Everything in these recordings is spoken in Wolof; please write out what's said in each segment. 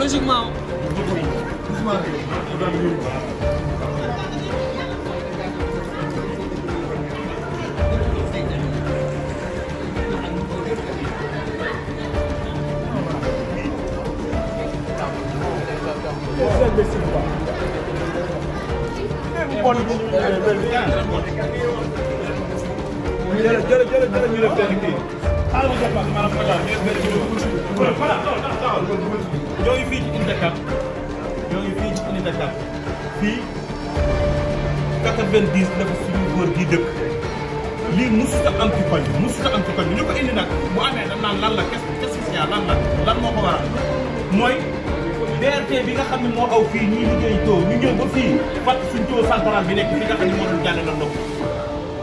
logiquement. ñoo you fii ci unité 4 ñoo you feed in the cup? fii 90 la fa suñu góor gi dëkk lii musuta am ci koñ bi musuta am ci koñ bi ñu ko indi nag bu amee dañ naan lan la quest a lan la lan moo ko waral mooy BRT bi nga xam moo aw fii ñuy liggéey ñu ñëw ba fii fàtt suñ too central bi nekk fi nga xam ne moo doon jàlle la ndox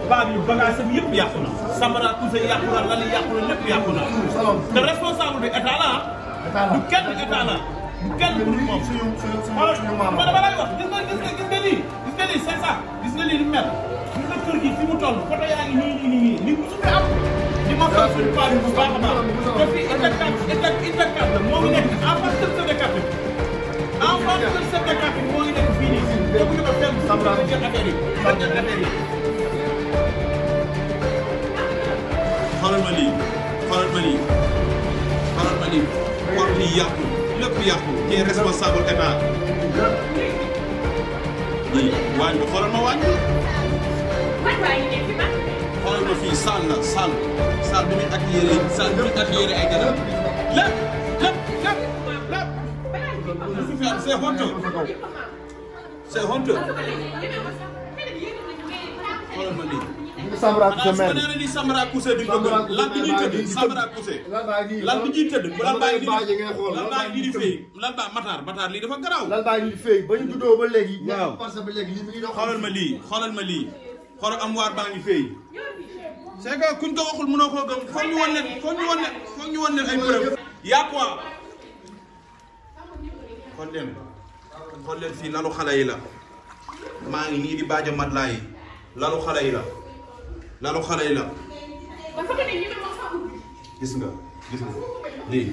baab yu bagage am yëpp yàqu na samara tousa yàqu na lali yàqu na lépp yàqu na te responsable bi état la ah. du kenn état la du kenn pour moom suñu suñu ma dama lay wax gis nga lii c'est ça gis nga lii ni mel gis nga kër gi fi mu toll côté yaa ngi nii nii nii nii musu fi am di ma xam suñu paa bi bu baax a baax te fii Hydro-Québec Hydro-Québec la moo ngi nekk en face de chef de quartier en face de chef de quartier moo ngi nekk fii nii si te bu ñu ko fenn sa jël affaire yi sa jël affaire yi xoolal ma lii xoolal ma lii xoolal ma lii porte yi yàqu lépp yàqu ci responsable état di waañ bi xoolal ma waañ. waañ waa ngi nekk ba. xoolal ma fii saal na saal saal bi muy ak yére saal bi muy ak yére ay gànnaaw lépp lépp lépp lépp. Soufiane c'est honteux c'est honteux xoolal ma lii. nekk Samra Coussé maire bi ni Samra Coussé duñ ko gëm bi ñuy tëdd Samra bi ngay di fay lan Matar Matar lii dafa garaaw lan di fay ba ñu ba léegi waaw parce ba léegi li mi ngi dox xoolal ma lii xoolal ma lii xoolal am waar baa ngi fay c'est que kuñ ko waxul mënoo gëm ñu ñu ñu ay quoi lalu xale yi la ngi di baaja matlay, lalu xale yi la lalu xale yi la. gis nga gis nga lii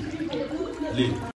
lii.